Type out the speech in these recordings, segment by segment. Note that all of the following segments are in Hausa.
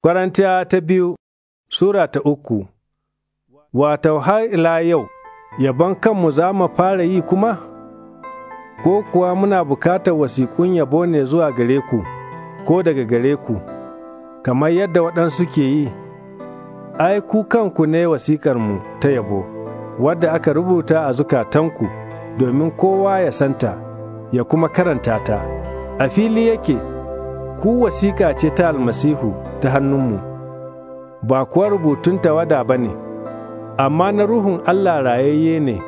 Korintiya ta biyu Sura ta uku Wato har ila yau, yabon kanmu za mu fara yi kuma? Ko kuwa muna bukatar wasiƙun yabo ne zuwa gare ku, ko daga gare ku, kamar yadda waɗansu ke yi, ai ku kanku ne wasiƙarmu ta yabo, wadda aka rubuta a zukatanku domin kowa ya santa, ya kuma karanta ta, a fili yake. ku wasiƙa ce ta almasihu ta hannunmu, ba kuwa rubutun tawada ba ne, amma na ruhun Allah rayayye ne,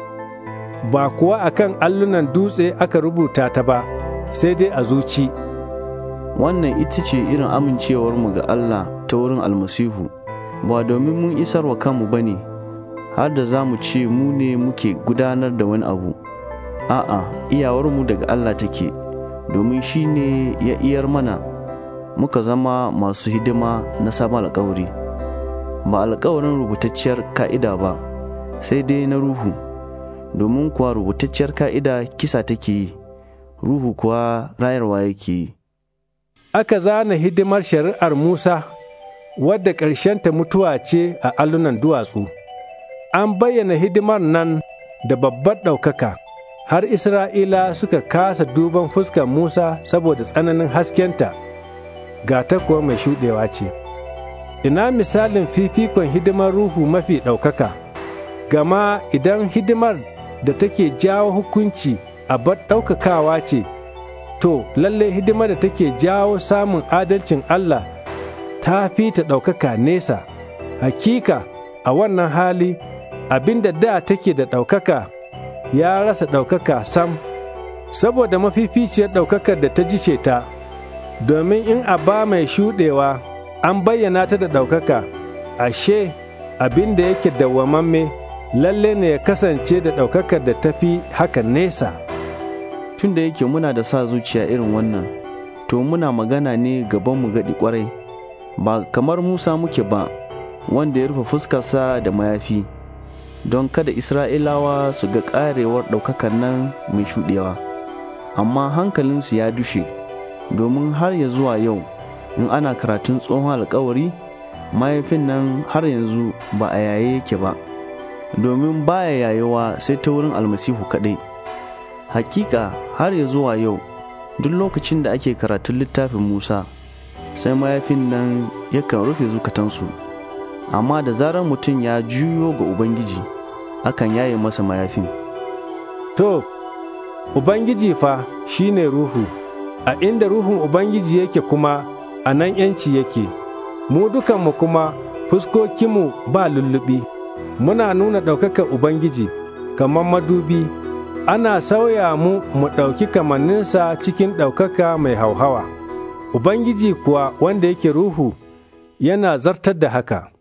ba kuwa akan allunan dutse aka rubuta ta ba, sai dai a zuci. Wannan ita ce irin mu ga Allah ta wurin almasihu, ba domin mun isarwa kanmu ba ne, har da za mu ce mu ne muke gudanar da wani abu. A'a, iyawarmu daga Allah take, domin shi ne ya iyar mana. muka zama masu hidima na sama alkawari ba alkawarin rubutacciyar ka'ida ba sai dai na ruhu domin kuwa rubutacciyar ka'ida kisa take yi ruhu kuwa rayarwa yake yi aka zana hidimar shari'ar musa wadda ta mutuwa ce a allunan duwatsu an bayyana hidimar nan da babbar ɗaukaka har isra'ila suka kasa duban fuskar musa saboda tsananin haskenta. ga kuwa mai shuɗewa ce. Ina misalin fifikon hidimar ruhu mafi ɗaukaka, gama idan hidimar da take jawo hukunci a ɗaukakawa ce, to lalle hidimar da take jawo samun adalcin Allah ta fi ta ɗaukaka nesa, hakika a wannan hali abin da da take da ɗaukaka ya rasa ɗaukaka sam, saboda mafificiyar ɗaukakar da ta ji ta. domin in a ba mai shuɗewa an bayyana ta da ɗaukaka, ashe abin da yake dawwamamme lalle ne ya kasance da ɗaukakar da tafi haka nesa. Tun da yake muna da sa zuciya irin wannan, to muna magana ne gaban mu gaɗi ƙwarai, ba kamar Musa muke ba, wanda ya rufe fuskarsa da mayafi, don kada Isra'ilawa su ga ƙarewar ɗaukakar nan mai shuɗewa, amma hankalinsu ya dushe. domin har ya zuwa yau in ana karatun tsohon alkawari mahaifin nan har yanzu ba a yaye yake ba domin baya yayewa sai ta wurin almasihu kaɗai hakika har ya zuwa yau duk lokacin da ake karatun littafin musa sai mahaifin nan yakan rufe zukatansu amma da zarar mutum ya juyo ga ubangiji akan yaye masa mayafin to ubangiji fa shine ruhu a inda Ruhun Ubangiji yake kuma a nan ‘yanci yake, mu dukanmu kuma fuskokinmu ba lullubi, muna nuna ɗaukakar Ubangiji kamar madubi, ana sauya mu mu ɗauki kamanninsa cikin ɗaukaka mai hauhawa, Ubangiji kuwa wanda yake Ruhu yana zartar da haka.